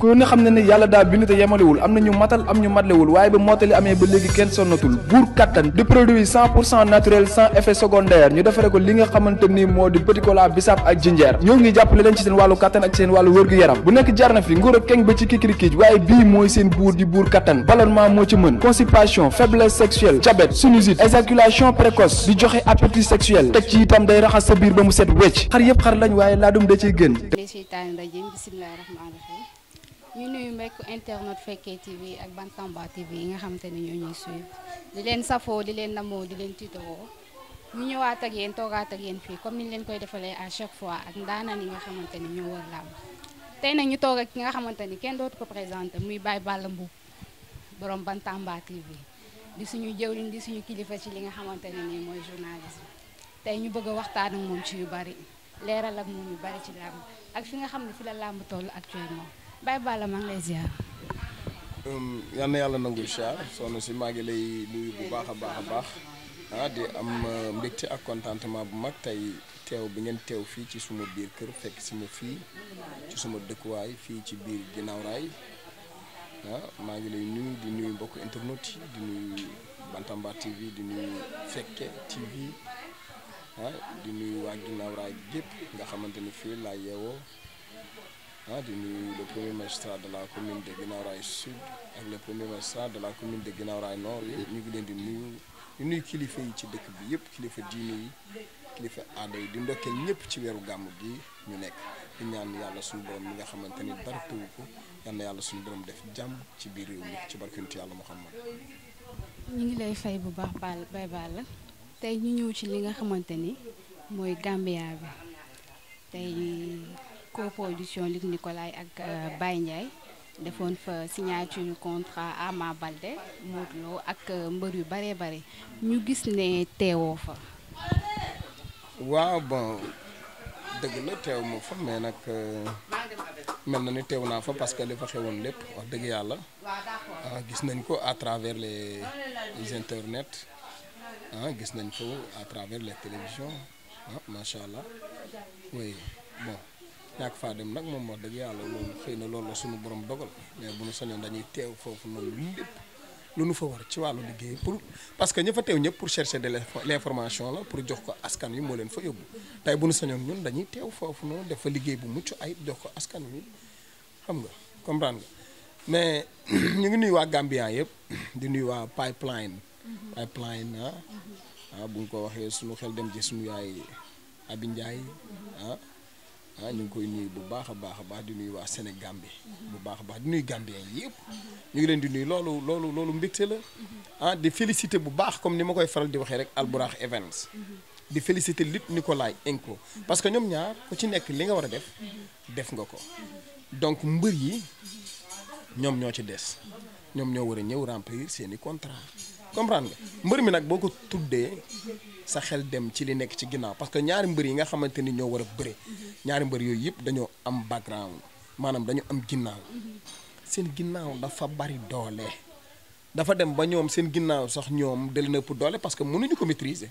ku ne xam ne ne yàlla daa bind te yemalewul am na ñu matal am ñu matlewul waaye ba mottali amee ba léegi kenn sonnatul buur kattan di produit cent pour cent naturel sans effet secondaire ñu defare ko li nga xamante ni moo di petit bisaab ak jinjeer ñoo ngi jàppale leen ci seen wàllu kattan ak seen wàllu wërgu yaram bu nekk jarna fi nguur ak keng ba ci kikirikiij waaye bii mooy seen buur di buur kattan ballonnement moo ci mën constipation faiblesse sexuelle diabète sinusite éjaculation précoce di joxe appétit sexuel itam day raxas sa biir ba mu set wecc xar yëpp xar ñu nuyu mbekk internet Fekke TV ak Bantamba TV yi nga xamante ne ñoo ñuy suivre di leen safoo di leen namoo di leen tiitoo ñu ñëwaat ak yéen toogaat ak yéen fii comme ni ñu leen koy defalee à chaque fois ak ndaanaan yi nga xamante ni ñoo war làmb tey nag ñu toog ak ki nga xamante ni kenn dootu ko présenté muy Baye Balla Mbuub borom Bantamba TV di suñu jëwriñ di suñu kilifa ci li nga xamante ne nii mooy journaliste tey ñu bëgg a waxtaan ak moom ci yu bari leeral ak moom yu bari ci làmb ak fi nga xam ne la làmb toll actuellement. Baye um, yàlla nangu ziar soxna si maa ngi lay nuyu bu baax a baax a baax ah di am uh, mbégte ak contentement bu mag tey teew bi ngeen teew fii ci suma biir kër fekk si fii ci suma dëkkuwaay fii ci biir ginnaaw raay ah maa ngi lay nuyu di nuyu mbokk internet di nuyu Bantamba TV di nuyu Fekke TV ah di nuyu waa ginnaaw raay gépp nga xamante ni fii laa yeewoo. ah di nuyu le premier magistrat la commune de Guinaw Rail Sud ak le premier magistrat commune de Guinaw Rail ñu ngi leen di nuyu di nuyu yi ci dëkk bi yëpp kilifa diine yi kilifa aada yi di ndokkeel ñëpp ci weeru gàmm gi ñu nekk di ñaan yàlla suñu borom mi nga xamante ni dara ko yal yàlla suñu borom def jàmm ci biir réew mi ci barkantu yàlla Muhammad ñu ngi lay fay bu baax baal bay baal la tey ñu ñëw ci li nga xamante ni mooy Gambia bi coproduction Luc Nicolaï ak euh, Baye Ndiaye defoon fa signature contrat Ama Baldé Modou Lo ak euh, mbër yu bare bare ñu gis ne teewoo fa waaw bon dëgg la teew ma fa mais nag euh, mel na ni teew naa fa parce que li fa xewoon lépp wax dëgg yàlla ah, gis nañ ko à travers les les internet ah, gis nañ ko à travers les télévisions ah allah oui ñàkk faa dem nag moom wax dëgg yàlla loolu xëy na loolu la suñu borom dogal mais bu ñu sañoon dañuy teew foofu noonu lu nu fa war ci wàllu liggéey pour parce que ña fa teew ñëpp pour chercher de l'information la pour jox ko askan wi moo leen fa yóbbu tey bu ñu sañoon ñun dañuy teew foofu noonu def liggéey bu mucc ay jox ko askan wi xam nga comprend nga mais ñu ngi nuy waa Gambien yëpp di nuy waa pipeline pipeline ah ah bu ñu ko waxee suñu xel dem ci suñu yaay Abi Ndiaye ah. ah ñu ngi koy nuyu bu baax a baax a baax di nuyu waa Sénégal bi bu baax a baax di nuyu Gambien yëpp ñu ngi leen di nuyu loolu loolu loolu mbégte la ah di félicité bu baax comme ni ma koy faral di waxee rek Albourakh Events di félicité Luc Nicolaï Enko parce que ñoom ñaar ku ci nekk li nga war a def def nga ko donc mbër yi ñoom ñoo ci des ñoom ñoo war a ñëw remplir seen i contrat comprendre mbër mi nag boo ko tuddee sa xel dem ci li nekk ci ginnaaw parce que ñaari mbër yi nga xamante ni ñoo war a bëre ñaari mbër yooyu yëpp dañoo am background maanaam dañu am ginnaaw seen ginnaaw dafa bari doole dafa dem ba ñoom seen ginnaaw sax ñoom dal na ëpp doole parce que mënuñu ko maîtriser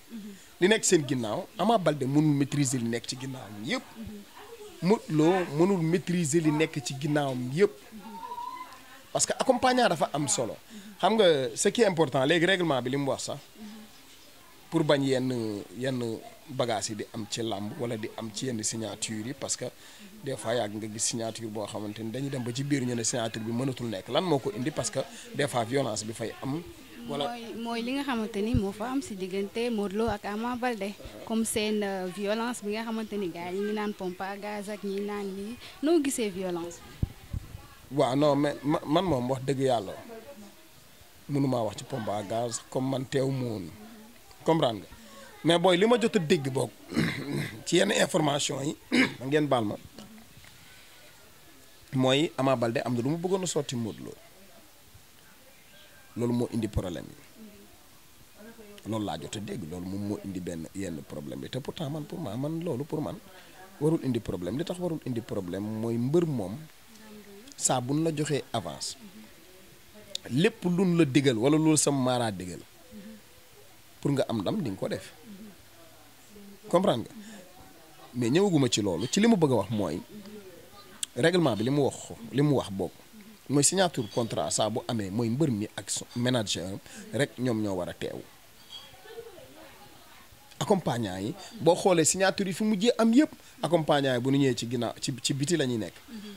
li nekk seen ginnaaw Ama balde mënul maîtriser li nekk ci ginnaawam yëpp Modou loo mënul maîtriser li nekk ci ginnaawam yëpp parce que accompagnant dafa am solo xam nga ce qui est important léegi réglement bi li mu wax sax pour bañ yenn yenn bagages yi di am ci làmb wala di am ci yenn signature yi parce que des fois yàgg nga gis signature boo xamante ni dañuy dem ba ci biir ñu ne signature bi mënatul nekk lan moo ko indi parce que des fois violence bi fay am. voilà mooy li nga xamante ni moo fa am si diggante Modou Lo ak Ama Balde comme seen euh, violence bi nga xamante ni gars yi naan pompe à gaz ak ñi noo gisee violence. waaw non mais man moom wax dëgg yàlla mënumaa wax ci pompe gaz comme man teew mu woon comprendre nga mais booy li ma jot a dégg boog ci yenn information yi ngeen baal ma mooy Ama Baldé am na lu ma bëggoon a sotti Modou Lo loolu moo indi problème yi loolu laa jot a dégg loolu moom moo indi benn yenn problème bi te pourtant man pour ma man loolu pour man warul indi problème li tax warul indi problème mooy mbër moom saa buñ la joxee avance lépp luñ la dégal wala loolu sam maaraa digal pour nga am ndam di ko def comprendre nga mais ñëwaguma ci loolu ci li mu bëgg a wax mooy réglement bi li mu wax li mu wax boobu mooy signature contrat saa bu amee mooy mbër mi ak manager rek ñoom ñoo war a teew. accompagnant yi boo xoolee signature yi fi mujjee am yëpp accompagnant yi bu ñu ñëwee ci ginnaaw ci ci biti la ñuy nekk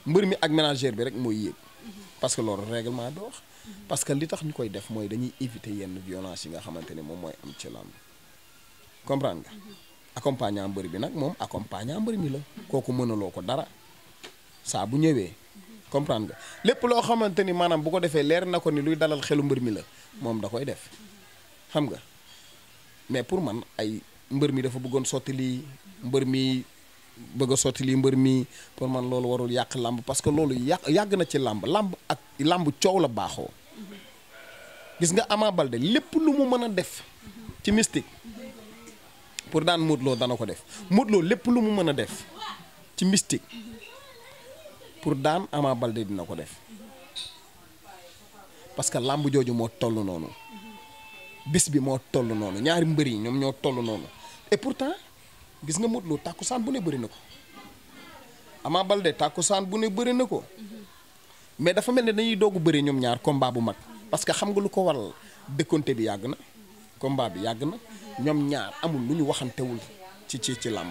mbër mi ak ménager bi rek mooy yéeg parce que loolu règlement doo wax parce que li tax ñu koy def mooy dañuy éviter yenn violence yi nga xamante ne moom mooy am ci làmb comprendre nga accompagnant mbër bi nag moom accompagnant mbër mi la kooku mënaloo ko dara saa bu ñëwee comprendre nga lépp loo xamante ni maanaam bu ko defee leer na ko ni luy dalal xelu mbër mi la moom da koy def xam nga pour man ay mbër mi dafa bëggoon sotti lii mbër mi bëgg a sotti mbër mi pour man loolu warul yàq làmb parce que loolu yàq yàgg na ci làmb làmb ak làmb coow la baaxoo gis nga Ama Baldé lépp lu mu mën a def ci mistik pour daan Modou Lo dana ko def Modou lépp lu mu mën a def ci mystique pour daan Ama Baldé dina ko def parce que làmb jooju moo tollu noonu bis bi moo toll noonu ñaari mbër yi ñoom ñoo tollu noonu et pourtant gis nga Modou Lo tàkkusaan bu ne bëri na ko Ama Baldé tàkkusaan bu ne bëri na ko mais dafa mel ne dañuy doog bëri ñoom ñaar combat bu mag parce que xam nga lu ko waral dëkkante bi yàgg na combat bi yàgg na ñoom ñaar amul lu ñu waxantewul ci ci ci làmb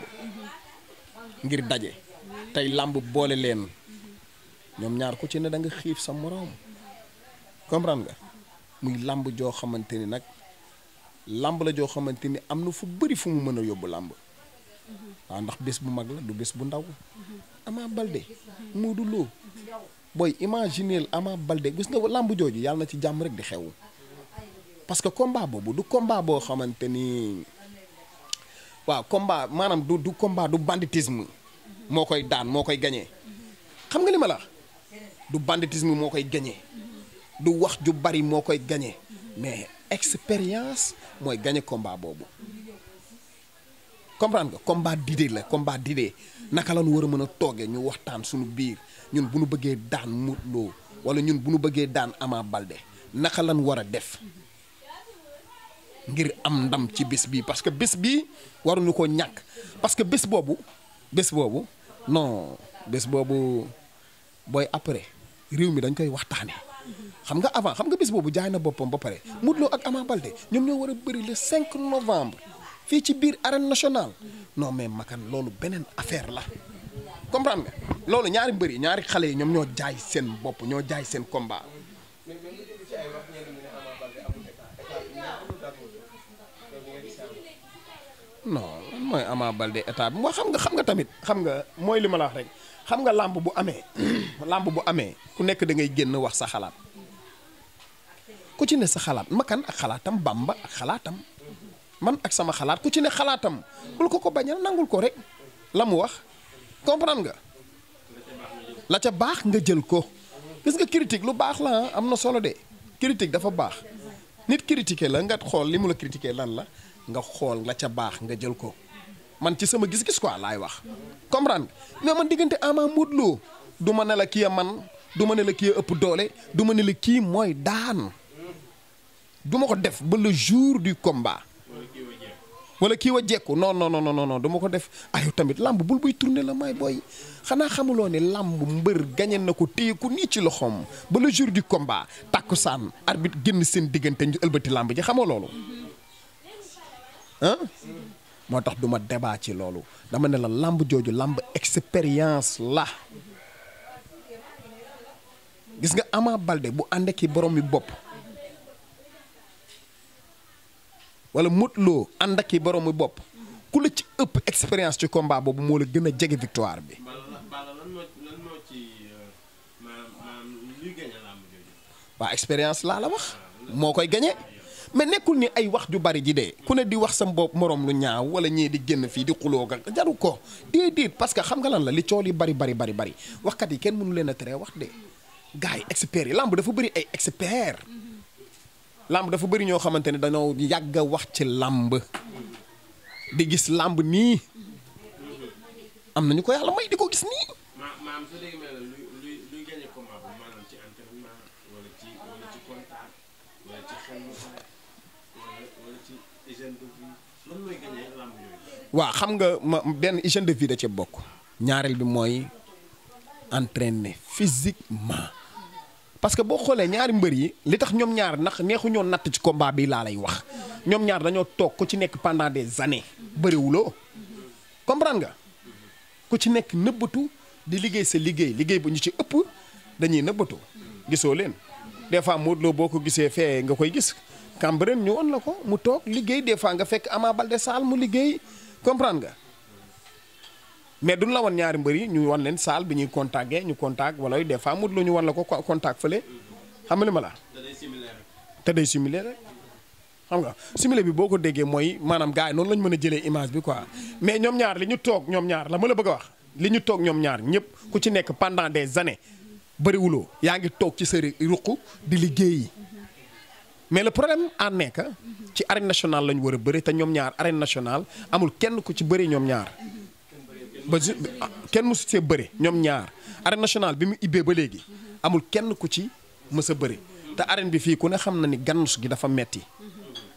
ngir daje tey làmb boole leen ñoom ñaar ku ci ne danga xiif sa moroom comprendre nga muy làmb joo xamante ni nag. làmb la joo xamante ni am na fu bari fu mu mën a yóbbu làmb waaw ndax bés bu mag la du bés bu ndaw Ama Baldé du Lo booy imaginer Ama Baldé gis nga làmb jooju yàlla na ci jàmm rek di xew parce que combat boobu du komba boo xamante ni waaw combat maanaam du du combat du banditisme moo koy daan moo koy gañee xam nga li ma la du banditisme moo koy gañe du wax ju bari moo koy gañe mais expérience mooy gagné combat boobu comprendre nga combat d'idée la combat d'idée naka la ñu war a mën a toogee ñu waxtaan suñu biir ñun bu ñu bëggee daan Modou Lô wala ñun bu ñu bëggee daan Ama Baldé naka lañ war a def ngir am ndam ci bis bi parce que bés bii waruñu ko ñàkk parce que bés boobu bés boobu non bés boobu booy après réew mi dañ koy waxtaanee. xam nga avant xam nga bis boobu jaay na boppam ba pare Modou ak Ama Baldé ñoom ñoo war a bëri le 5 novembre fii ci biir arène nationale non mais makan loolu beneen affaire la comprendre nga loolu ñaari mbëri ñaari xale yi ñoom ñoo jaay seen bopp ñoo jaay seen combat. non lan mooy Ama Baldé état bi moo xam nga xam nga tamit xam nga mooy li ma la wax rek xam nga làmb bu amee làmb bu amee ku nekk da ngay génn wax sa xalaat. ku ci ne sa xalaat makan ak xalaatam bamba ak xalaatam man ak sama xalaat ku ci ne xalaatam bul ko ko bañal nangul ko rek la mu wax comprendre nga la ca baax nga jël ko gis nga critique lu baax la am na solo de critique dafa baax nit critiqué la nga xool li mu la critiqué lan la nga xool la ca baax nga jël ko man ci sama gis-gis quoi laay wax comprendre nga mais man diggante Ama Modou loo du ma ne la ki a man du ma ne la kii a ëpp doole du ma ne la kii mooy daan du ma ko def ba le jour du combat. wala kii wa jekku non non non non ko def ayu ah, tamit làmb bul buy tourner la may booy xanaa xamuloo ni làmb mbër gañe na ko téye ku nii ci loxoom ba le jour du combat tàkkusaan arbitre génn seen diggante ñu ëlbati làmb ji xamoo loolu ah moo tax duma debaa ci loolu dama ne la làmb jooju làmb expérience la gis nga Ama Baldé bu ànd ki borom mi bopp wala Modou Lo ànd ak i boroomu bopp ku la ci ëpp expérience ci combat boobu moo la gën a jege victoire bi. Euh, waa expérience laa la wax moo koy gañe mais nekkul ni ay wax ju bari ji de ku ne di wax sa bopp moroom lu ñaaw wala ñii di génn fii di xuloo ga jaru ko déedéet parce que xam nga lan la li cool yi bari bari bari bari waxkat yi kenn mënu leen a teree wax de gars yi experts yi lamb dafa bari ay experts. làmb dafa bari ñoo xamante ni dañoo yàgg a wax ci làmb di gis làmb nii am nañu ko yàlla may di ko gis nii. waaw xam nga ma benn hygiène de vie da ci bokk ñaareel bi mooy entraîner physiquement parce que boo xoolee ñaari mbër yi li tax ñoom ñaar ndax neexuñoo natt ci combat bi laa lay wax ñoom ñaar dañoo toog ko ci nekk pendant des années bëriwuloo comprendre nga ku ci nekk nëbbatu di liggéey sa liggéey liggéey bu ñu ci ëpp dañuy nëbbatu gisoo leen des fois Modou boo ko gisee fee nga koy gis Cambérène ñu won la ko mu toog liggéey des fois nga fekk amaa Baldé Sall mu liggéey comprendre nga mais duñ la wan ñaari mbër yi ñu wan leen saal bi ñuy contacté ñu contact wala des fois mut lu ñu wan la ko contact fële xam nga li ma la te day similaire rek xam nga similaire bi boo ko déggee mooy maanaam gars yi noonu lañ mën a jëlee image bi quoi mais ñoom ñaar li ñu toog ñoom ñaar la ma la bëgg a wax li ñu toog ñoom ñaar ñëpp ku ci nekk pendant des années bëriwuloo yaa ngi toog ci sëri ruq di liggéeyi mais la problème à ci arène nationale la ñu war a bëri te ñoom ñaar arène nationale amul kenn ku ci bëri ñoom ñaar ba kenn mësu see bëre ñoom ñaar arène nationale bi mu ibbee ba léegi amul kenn ku ci mës a bëre te arène bi fii ku ne xam na ni gannus gi dafa metti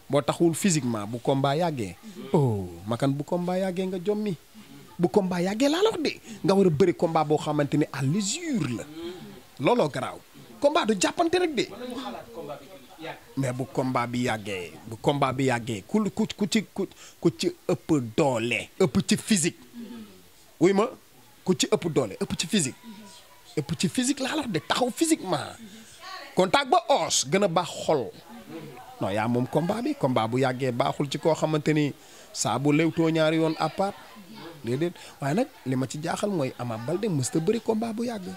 boo taxawul physiquement bu combat yàggee oh bu combat yàggee nga jommi bu combat yàggee laa la nga war a bëri combat boo xamante ne à la looloo garaaw combat jàppante rek de bu combat bi yàggee bu combat bi yàggee ku ku ci ku ci ëpp doole ëpp ci physique wuy ma ku ci ëpp doole ëpp ci physique ëpp ci physique laa wax de taxaw physiquement contact ba os gën a baax xol non yaa moom combat bi combat bu yàggee baaxul ci koo xamante ni saabu bu lewtoo ñaari yoon à part déedéet waaye nag li ma ci jaaxal mooy Ama Baldé mësta bëri combat bu yàgg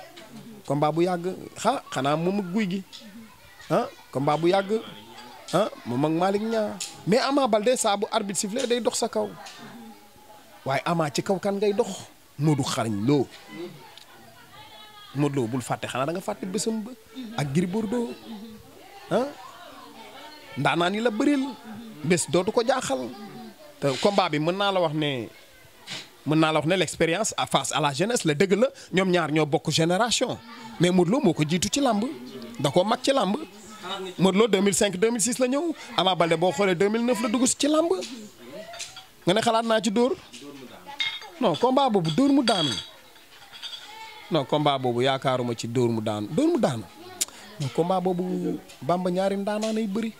combat bu yàgg ah xanaa moom ak guy gi ah combat bu yàgg ah moom ak Malick ñaa mais Ama balde saabu bu arbitre sifflé day dox sa kaw waaye Ama ci kaw kan ngay dox Modou xarañ loo Modou Lo bul fàtte xanaa da nga fàtte bésam ba ak Gris Bordeaux ah ndaanaan yi la bëril bés dootu ko jaaxal te combat bi mën naa la wax ne mën naa la wax ne l'expérience face à la la dëgg la ñoom ñaar ñoo bokk génération mais Modou Lo moo ko jiitu ci làmb da koo mag ci làmb Modou Lo 2005 2006 la ñëw Ama Baldé boo xoolee 2009 la dugg ci làmb nga ne xalaat naa ci dóor non combat boobu dóor mu daanu non combat boobu yaakaaruma ci dóor mu daanu dóor mu daanu non boobu bamba ñaari ndaanaan ay bëri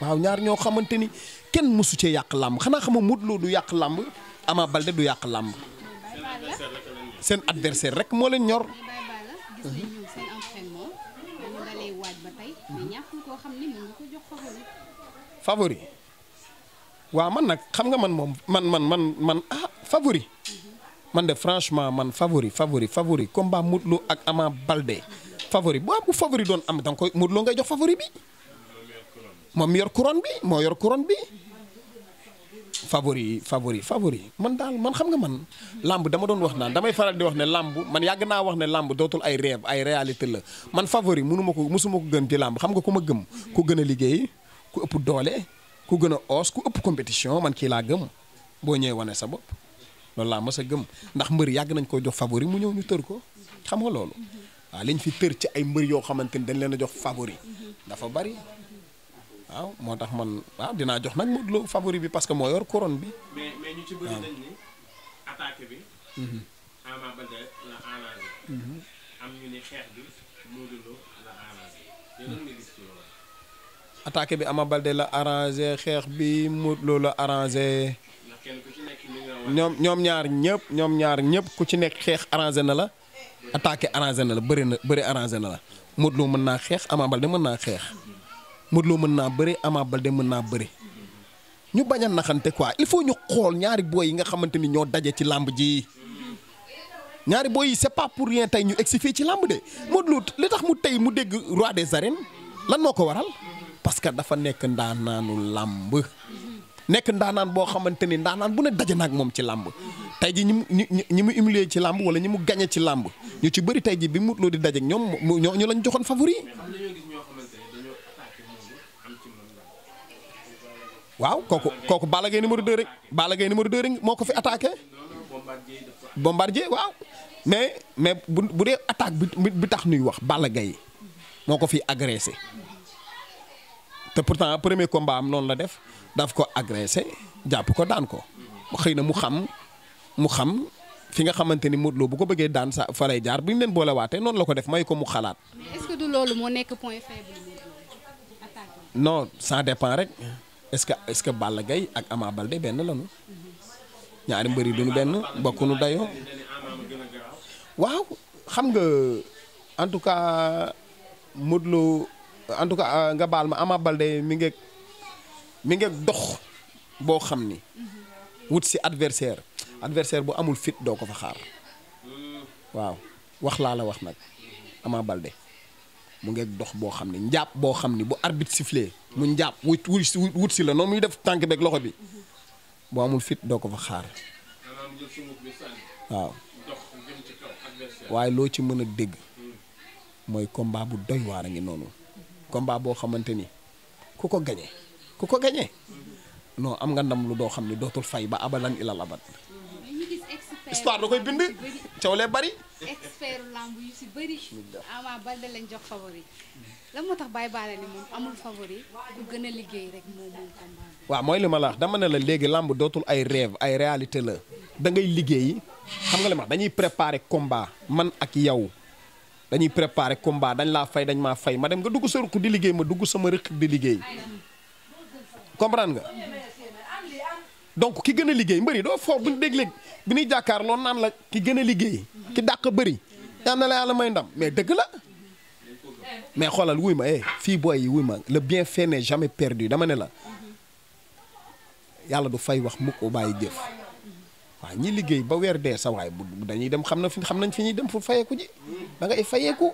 waaw ñaar ñoo xamante ni kenn mësu ci yàq làmb xanaa xama Modou Lo du yàq làmb Ama Baldé du yàq làmb seen adversaire rek moo leen ñor. waaw man nag xam nga man moom man man man man ah favori man de franchement man favori favori favori combat Modou Lô ak Ama Baldé favori bu bu favori am danga koy Modou jox favori moom yor couronne moo yor couronne bi favori favori favori man daal man xam nga man làmb dama doon wax naan damay faral di wax ne làmb man yàgg naa wax ne làmb dootul ay rêve ay réalité la man favori mënu ma ko mësuma ko gën ci làmb xam nga ku ma gëm ku gën a liggéey ku ëpp doole ku gën a oos ku ëpp compétition man kii laa gëm boo ñëwee wane sa bopp loolu laa mës a gëm ndax mbër yàgg nañ koo jox favori mu ñëw ñu tër ko xam nga loolu waaw liñ fi tër ci ay mbër yoo xamante ni dañ leen a jox favori dafa bari waaw moo tax man waaw dinaa jox nag Modou Lo favori bi parce que moo yor couronne bi. mais mais ñu ci bi. Mhm. attaque bi Ama Baldé la arrangé xeex bi Modou loo la arrangé ñoom ñoom ñaar ñëpp ñoom ñaar ñëpp ku ci nekk xeex arrangé na la attaqué arrangé na la bëri na bëri arrangé na la Modou loo mën naa xeex Ama Baldé mën naa xeex mut loo mën naa bëri Ama Baldé mën naa bëri ñu bañ a naxante quoi il faut ñu xool ñaari booy yi nga xamante ni ñoo daje ci làmb ji ñaari booy yi c'est pas pour rien tey ñu egsi fii ci làmb de Modou Lô li tax mu tey mu dégg roi des arènes lan moo ko waral. parce que dafa nekk ndaanaanu làmb nekk ndaanaan boo xamante ni ndaanaan bu ne daje na ak moom ci làmb tey ji ñi mu ñi mu humilier ci làmb wala ñi mu gañe ci làmb ñu ci bëri tey ji bi mu loo di daje ak ñoom ñoo ñu lañ joxoon favori waaw kooku kooku Balla Gaye numéro 2 rek Balla Gaye numéro 2 rek moo ko fi attaqué bombardier waaw mais mais bu dee attaque bi bi tax nuy wax Balla Gaye moo ko fi agressé te pourtant premier combat am noonu la def daf ko agressé jàpp ko daan ko xëy na mu xam mu xam fi nga xamante ni Modou bu ko bëggee daan sa fa jaar bu ñu leen boolewaatee noonu la ko def may ko mu xalaat. mais est moo nekk point faible non ça dépend rek est-ce que est-ce que Balla Gaye ak Ama Baldé benn lañu ñaari mbër yi nu benn bokkuñu dayoo waaw xam nga en tout cas Modou Lo en tout cas euh, nga baal ma Ama Baldé mi ngeeg mi ngeeg dox boo xam ni wut si adversaire adversaire bu amul fit doo ko fa xaar waaw wax laa la wax nag Ama mu ngeeg dox boo xam ni njàpp boo xam ni bu arbitre sifflé mu njàpp wut wut si la noonu muy def tànk beeg loxo bi boo amul fit doo ko fa xaar waaw waaye loo ci mën a dégg mooy combat bu doy waar a ngi noonu combat boo xamante ni ku ko gañe ku ko gañe non am nga ndam lu doo xam ne dootul fay ba abadan ilal abad histoire da koy bind coow lee bari expert lamb yu si bëri lan moo tax Baye Balla ni amul favori liggéey waaw mooy li ma la wax dama ne la léegi lamb dootul ay rêve ay réalité la da ngay liggéey xam nga li dañuy préparer combat man ak yow dañuy prépare combat dañ laa fay dañ maa fay ma dem nga dugg sa rukk di liggéey ma dugg sama rëq di liggéey comprendre nga donc ki gën a liggéey mbëri doo foofu bu ñu déglee bi ñuy jàkkaar loolu naan la ki gën a liggéey ki dàq bëri yal na la yàlla may ndam mais dëgg la mais xoolal wuy ma eh fii booy yi wuy ma le bien fait n'est jamais perdu dama ne la yàlla du fay wax mukk bàyyi jëf waaw ñi liggéey ba weer dee sa waay bu dañuy dem xam na fi xam nañ fi ñuy dem fu fayeeku ji da ngay fayeeku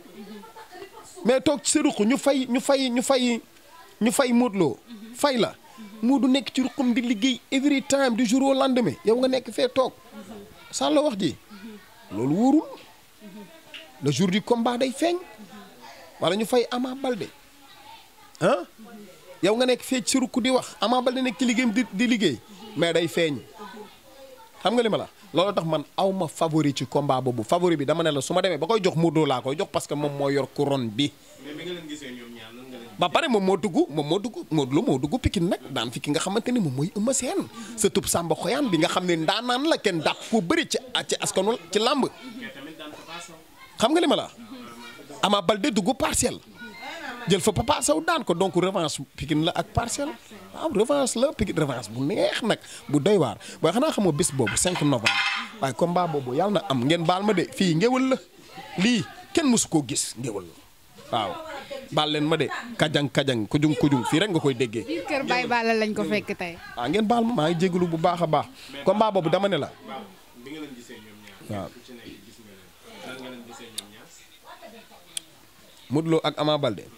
mais toog ci sa ruq ñu fay ñu fay ñu fay ñu fay móotloo fay la moo du nekk ci ruqam di liggéey every time du jour au lendemain yow nga nekk fee toog sàlla wax ji loolu wóorul le jour du combat day feeñ wala ñu fay Ama Baldé ah yow nga nekk fee ci ruq di wax Ama Baldé nekk ci di liggéey mais day feeñ xam nga li ma la loolu tax man aw ma favori ci combat boobu favori bi dama ne la su ma demee ba koy jox Modou laa koy jox parce que moom moo yor couronne bi. ba pare moom moo dugg moom moo dugg Modou Lo moo dugg Pikine nag daan fi ki nga xamante ni moom mooy Eumeu Sène sa tub Samba Xoyaan bi nga xam ne ndaanaan la kenn dàq ko bari ci ci askanu ci làmb. xam nga li ma la Ama balde dugg parcelle. jël fa Papa Sow daan ko donc revanche pikin la ak Parcelles waaw ah, revanche la Pikine revanche bu neex nag bu doy waar waaye xanaa xamoo bés boobu 5 novembre waaye combat boobu yal na am ngeen baal ma de fii ngéwal la lii kenn mësu koo gis ngéwal la waaw baal leen ma de kajang kajang kujung kujung fii rek nga koy déggee. biir kër Baye ko fekk tey. ah ngeen baal ma maa ngi jégalu bu baax a baax combat boobu dama ne la waaw. Modou Lo ak Ama Balde.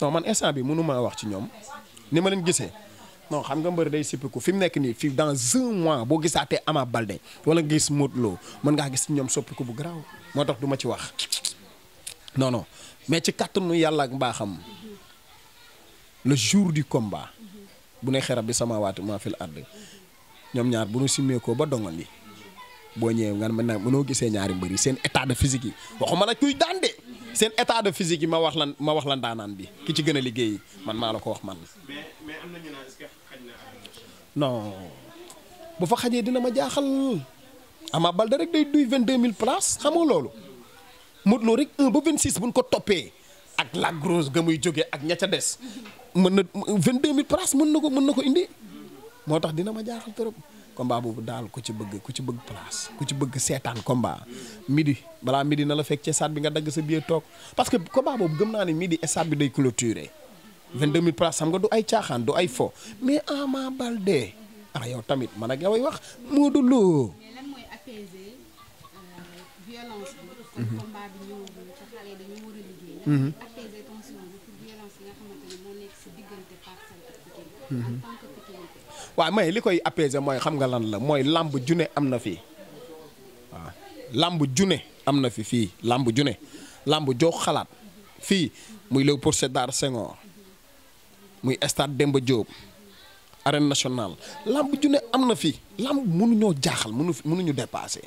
non man instant bi mënu maa wax ci ñoom ni ma leen gisee non xam nga mbër day sippiku fi mu nekk nii fii dans un mois boo gisaatee Ama balde wala nga gis Modou Lo mën ngaa gis ñoom soppiku bu garaaw moo tax du ma ci wax non non mais ci kàttanu yàlla ak mbaaxam le jour du combat bu ne xerab bi sama waatu maa fil àdd ñoom ñaar bu ñu simmeekoo ba dongal yi boo ñëwee nga mën naa mënoo gisee ñaari mbër yi seen état de physique yi waxuma la kuy daan de seen état de physique yi ma wax lan ma wax la ndaanaan bi ki ci gën a liggéey man maa la ko wax man. mais mais am na ñu naan na non bu fa xajee dina ma jaaxal Ama Baldé rek day duy vingt 22000 places xam nga loolu. Modou Lo rek 1 ba bu nu ko toppee ak la grosse ga muy jógee ak ña ca des mën na 22000 places mën na ko mën na ko indi moo tax dina ma jaaxal trop. combat boobu daal ku ci bëgg ku ci bëgg place ku ci bëgg seetaan combat midi balaa midi na la fekk ci stade bi nga dagg sa biir toog parce que combat boobu gëm naa ne midi stade bi day clôturer 22000 places xam nga du ay caaxaan du ay fo mais Ama Baldé ah yow tamit man wax euh, mhm. a mhm. nga xamante ne moo nekk si waa mais li koy apaiser mooy xam nga lan la mooy làmb june am na fii làmb june am na fi fii làmb june làmb joo xalaat fii muy Léopold Sédar Senghor muy stade Demba Diop arène nationale làmb june am na fii làmb mënuñoo jaaxal mënu mënuñu dépassé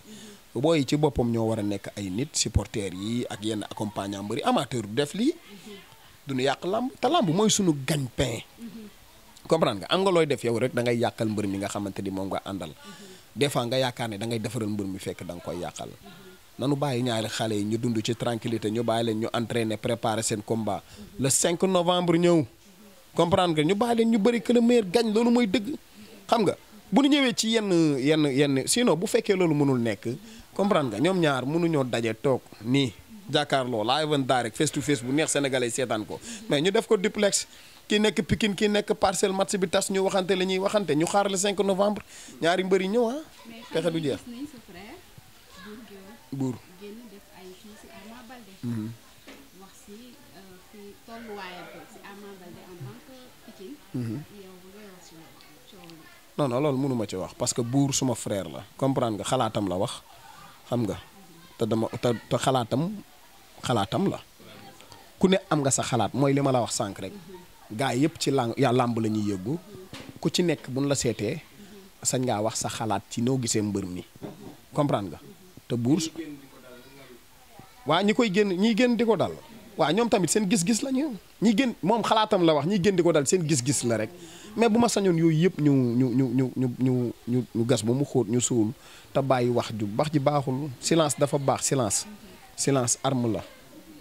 booy ci boppam ñoo war a nekk ay nit supporters yi ak yenn accompagnant mbëri amateur du def lii duñu yàq làmb te làmb mooy sunu gagne-pain comprendre nga am nga looy def yow rek dangay ngay yàqal mbër mi nga xamante ni moom nga àndal des fois nga yaakaar ne dangay ngay defaral mbër mi fekk da nga koy yàqal nanu bàyyi ñaari xale yi ñu dund ci tranquillité ñu bàyyi leen ñu entraîner préparer seen combat le 5 ñëw comprendre nga ñu bàyyi leen ñu bëri que le meilleur gagne loolu mooy dëgg xam nga bu ñu ñëwee ci yenn yenn yenn sinon bu fekkee loolu mënul nekk comprendre nga ñoom ñaar mënuñoo daje toog nii jàkkaarloo live and direct face to bu neex sénégalais seetaan ko mais ñu def ko duplex ki nekk pikin ki nekk parcelle match bi tas ñu waxante la ñuy waxante ñu xaarale le 5 novembre ñaari mbëri ñëw ah. pexe du jeex buur mhm. euh, mhm. non loolu mënuma ci wax parce que buur suma freer la comprendre nga xalaatam la wax xam nga te dama te xalaatam xalaatam la ku nekk am nga sa xalaat mooy li ma la wax sànq rek mhm. gaa yëpp ci làng yaa làmb la ñuy yëggu ku ci nekk buñ la seetee sañ ngaa wax sa xalaat ci noo gisee mbër mi comprendre nga te buur waa ñi koy génn ñiy génn di ko dal waa ñoom tamit seen gis-gis la ñi génn moom xalaatam la wax ñi génn di ko dal seen gis-gis la rek mais bu ma sañoon yooyu yëpp ñu ñu ñu ñu ñu ñu ñu ñu gas ba mu xóot ñu suul te bàyyi wax ju baax ji baaxul silence dafa baax silence silence arme la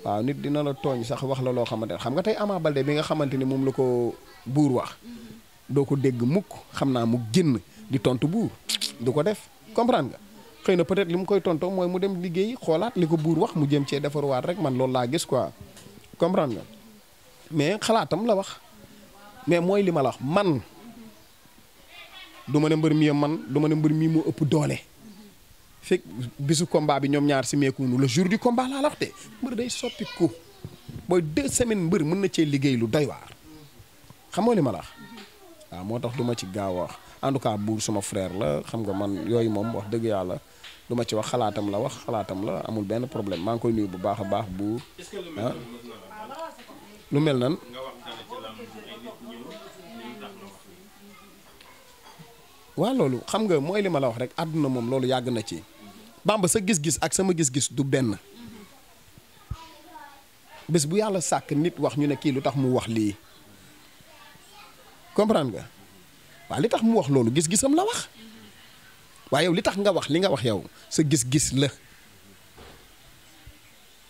waaw nit dina la tooñ sax wax la loo xamante ne xam nga tey amaa Baldé bi nga xamante ni moom la ko buur wax doo ko dégg mukk xam naa mu génn di tontu buur du ko def comprendre nga xëy na peut-être li mu koy tontoo mooy mu dem liggéey xoolaat li ko buur wax mu jëm cee defarwaat rek man loolu laa gis quoi comprendre nga mais xalaatam la wax mais mooy li ma la wax man du ma ne mbër mi man du ma ne mbër mii moo ëpp doole. fekk bisu combat bi ñoom ñaar si meekuñu le jour du combat laa la wax de mbër day soppi ku booy deux semaines mbër mën na cee liggéey lu doy waar nga li ma la wax waaw moo tax duma ci gaaw a wax en tout cas buur suma frère la xam nga man yooyu moom wax dëgg yàlla du ma ci wax xalaatam la wax xalaatam la amul benn problème maa ngi koy bu baax a baax buur ah? mel nan waa loolu xam nga mooy li ma la wax rek àdduna moom loolu yàgg na ci bamba sa gis-gis ak sama gis-gis du benn bés bu yàlla sàkk nit wax ñu ne kii lu tax mu wax lii comprendre nga waaw li tax mu wax loolu gis-gisam la wax waaye yow li tax nga wax li nga wax yow sa gis-gis la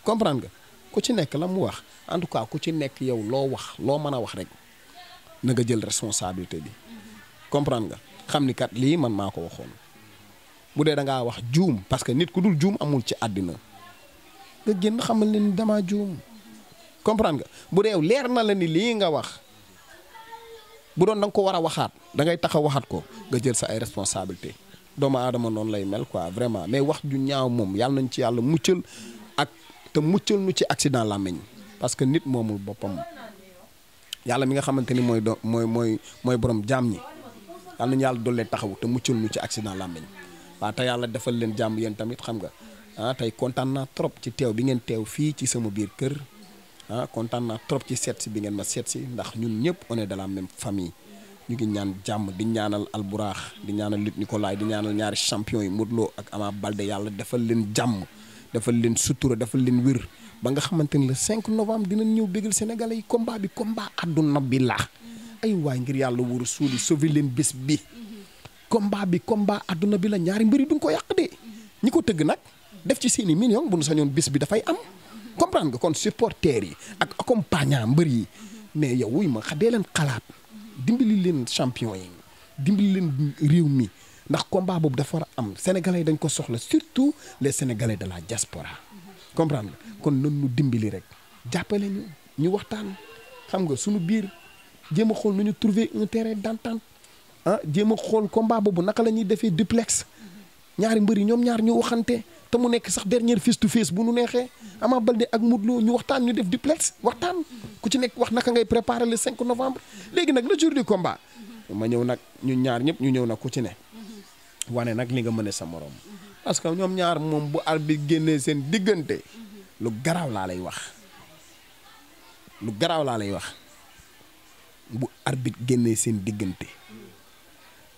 comprendre nga ku ci nekk la mu wax en tout cas ku ci nekk yow loo wax loo mën a wax rek na nga jël responsabilité bi comprendre nga xam ni kat lii man maa ko waxoon. bu dee dangaa wax juum parce que nit ku dul juum amul ci àddina nga génn xamal ne ni damaa juum comprendre nga bu dee leer na la ni lii nga wax bu doon da ko war a waxaat da ngay tax waxaat ko nga jël sa ay responsabilité doomu aadama noonu lay mel quoi vraiment mais wax ju ñaaw moom yàlla nañ ci yàlla muccal ak te muccal nu ci accident làmmiñ parce que nit moomul boppam yàlla mi nga xamante ni mooy do mooy mooy mooy borom jaam ñi yàlla nañu yàlla dollee taxaw te muccal nu ci accident làmmiñ waaw te yàlla defal leen jàmm yéen tamit xam nga ah tey kontaan naa trop ci bi ngeen teew fii ci sama biir kër ah kontaan naa trop ci seet si bi ngeen ma seet si ndax ñun ñëpp on est de la même famille ñu ngi ñaan jàmm di ñaanal alburaax di ñaanal Luc Nicolaï di ñaanal ñaari champion yi Modou Lo ak Ama yàlla defal leen jàmm defal leen sutura defal leen wér ba nga xamante ni le novembre dinañ ñëw bégal sénégalais yi combat bi combat àdduna bi la ay waay ngir yàlla wóor suuli sauver leen bés bi combat bi combat adduna bi la ñaari mbëri duñ ko yàq de ñi ko tëgg nag def ci seeni million bu nu sañoon bis bi dafay am comprendre nga kon supporters yi ak accompagnant mbër yi mais yow wuy ma xadee leen xalaat dimbali leen champion yi dimbali leen réew mi ndax combat boobu dafa war a am sénégalais dañ ko soxla surtout les sénégalais de la diaspora comprendre nga kon nan nu dimbali rek jàppale ñu ñu waxtaan xam nga suñu biir jéem a xool nu ñu trouver un ah jéem a xool combat boobu naka la ñuy defee duplex ñaari mbër yi ñoom ñaar ñu waxante te mu nekk sax dernière face to bu nu neexee Ama Baldé ak Modou Lo ñu waxtaan ñu def duplex waxtaan ku ci nekk wax naka ngay préparer le 5 novembre léegi nag le jour komba combat ma ñëw nag ñu ñaar ñëpp ñu ñëw nag ku ci ne wane nag li nga mën sa moroom parce que ñoom ñaar moom bu arbitre bi génnee seen diggante lu garaaw laa lay wax lu garaaw laa lay wax bu arbitre génnee seen diggante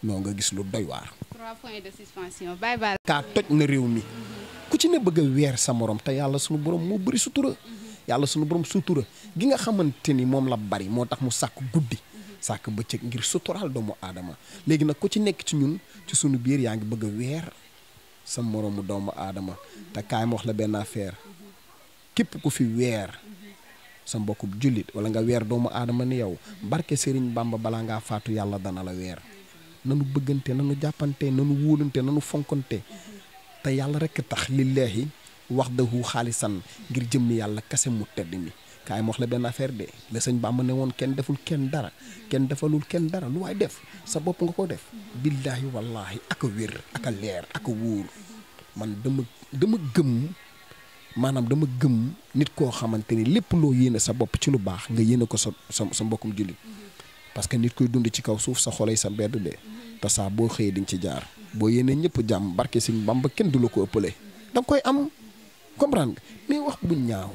non nga gis lu doy waar. trois points de suspension kaa toj na réew mi ku ci ne bëgg weer sa morom te yàlla sunu borom moo bëri sutura. yàlla sunu borom sutura gi nga xamante ni moom la bari moo tax mu sàkk guddi. sàkk bëccëg ngir suturaal doomu aadama léegi nag ku ci nekk ci ñun ci sunu biir yaa ngi bëgg a weer sa moroomu doomu aadama te kaay wax la benn affaire képp ku fi weer sa mbokku jullit wala nga weer doomu aadama ni yow barke Serigne Bamba balaa ngaa faatu yàlla dana la weer. nanu bëggante nanu jàppante nanu wóolante nanu fonkante te yàlla rek tax wax waxdahu xaalisan ngir jëmm yàlla kase mu tedd mi kaay ma wax la benn affaire de la baa Bàmba ne woon kenn deful kenn dara kenn defalul kenn dara lu waay def sa bopp nga ko def billaahi wallaahi ak a wér ak a leer ak a wóor man dama dama gëm maanaam dama gëm nit koo xamante ni lépp loo yéene sa bopp ci lu baax nga yéene ko sa sa mbokkum jullit parce que nit kuy dund ci kaw suuf sa xolay sa mbedd de te saa boo xëyee di nga ci jaar boo yéene ñëpp jàmm barke Sëñ Bamba kenn du la ko ëppale da nga koy am comprendre nga wax bu ñaaw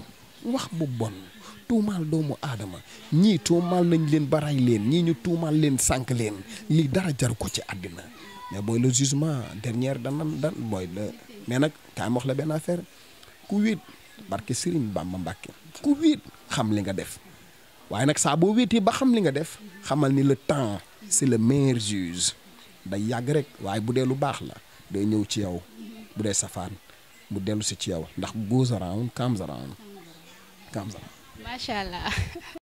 wax bu bon tuumaal doomu aadama ñii tuumaal nañ leen ba leen ñii ñu tuumaal leen sànq leen lii dara jar ko ci àddina mais booy le jugement dernière danam la mais nag kaay wax la benn affaire ku wéet barke Serigne Bamba xam li nga def waaye nag saa boo wéetee ba xam li nga def xamal ni le temps c'est le meilleur juge day yàgg rek waaye bu dee lu baax la day ñëw ci yow bu dee safaan bu dellu si ci yow ndax goes around comes around comes around macha allah